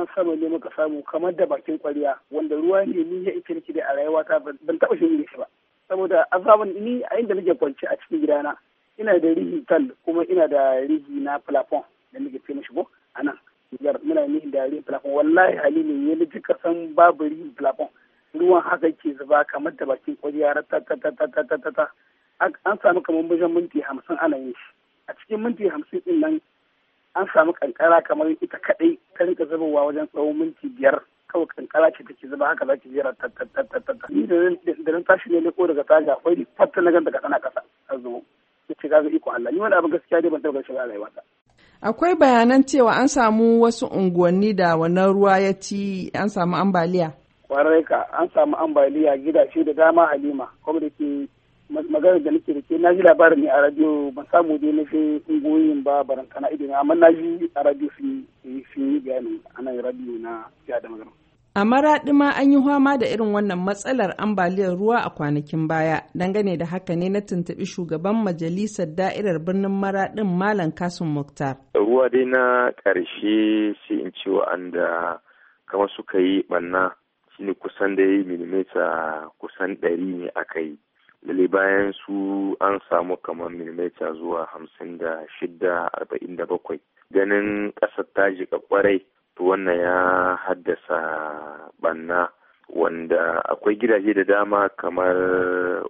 ruwan sama ne muka samu kamar da bakin kwarya wanda ruwa ne ni ya ita nake da a rayuwata ban taɓa shi shi ba saboda azaban ni a inda nake kwanci a cikin gidana ina da rigi tal kuma ina da rigi na plafon da nake ce mishi ko a nan yar muna ni da rigi plafon wallahi hali ne ya ji kasan babu rigi plafon ruwan haka ke zuba kamar da bakin kwarya ta ta ta ta ta ta an samu kamar wajen minti hamsin ana yin shi a cikin minti hamsin din nan an samu kankara kamar ita kadai ta rinka zubowa wajen tsawon minti biyar kawai kankara ce take zuba haka zaki ta ta ni da nan tashi ne na ko daga taja akwai ni fatta na ganta kana kasa a zo ya ce gaga iko Allah ni wani abin gaskiya dai ban taɓa shiga rayuwa ta. Akwai bayanan cewa an samu wasu unguwanni da wannan ruwa ya ci an samu ambaliya. Kwarai ka an samu ambaliya gidaje da dama Halima kuma da ke maganar da nake da ke na ji labarin ne a radio ban samu dai na fi ungoyin ba ido idan amma na ji a radio sun yi bayanin anan radio na jiya da magana. A maraɗi ma an yi hwama da irin wannan matsalar ambaliyar ruwa a kwanakin baya, dangane da haka ne na tuntuɓi shugaban majalisar da'irar birnin maraɗin Malam kasu Muktar. Ruwa dai na karshe sai in anda wa'anda kama suka yi ɓanna shi ne kusan da yi milimita kusan ɗari ne aka yi. lalle bayan su an samu kamar milimita zuwa hamsin da shida arba'in da bakwai ganin ƙasar ta jika kwarai to wannan ya haddasa banna wanda akwai gidaje da dama kamar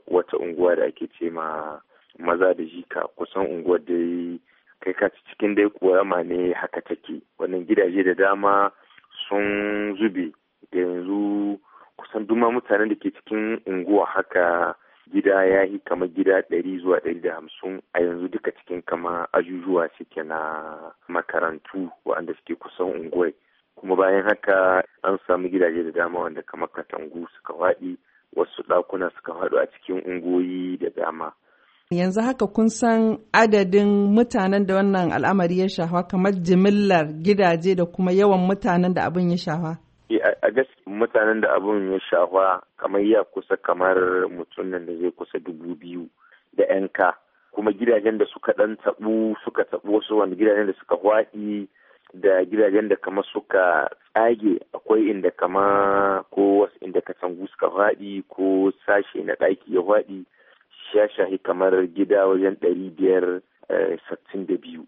wata unguwa da ake ce ma maza da jika kusan unguwar dai kai kaci cikin dai kurama ne haka take wannan gidaje da dama sun zube da yanzu kusan duma mutanen da ke cikin unguwa haka gida ya yi kama gida ɗari zuwa ɗari da hamsin a yanzu duka cikin kama ajujuwa suke na makarantu waɗanda suke kusan unguwai kuma bayan haka an samu gidaje da dama wanda kama katangu suka waɗi wasu ɗakuna suka haɗu a cikin unguwoyi da dama yanzu haka kun san adadin mutanen da wannan al'amari ya shafa kamar jimillar gidaje da kuma yawan mutanen da abin ya shafa Eh, a gas mutanen da abun ya shafa kamar ya kusa kamar mutum nan da zai kusa dubu biyu da yanka kuma gidajen da suka dan tabu suka tabu wasu wani, gidajen da suka hwaɗi da gidajen da kama suka tsage akwai inda kama ko wasu inda katangu suka hwaɗi ko sashe na ɗaki ya hwaɗi ya kamar gida wajen ɗari biyar eh, sittin da biyu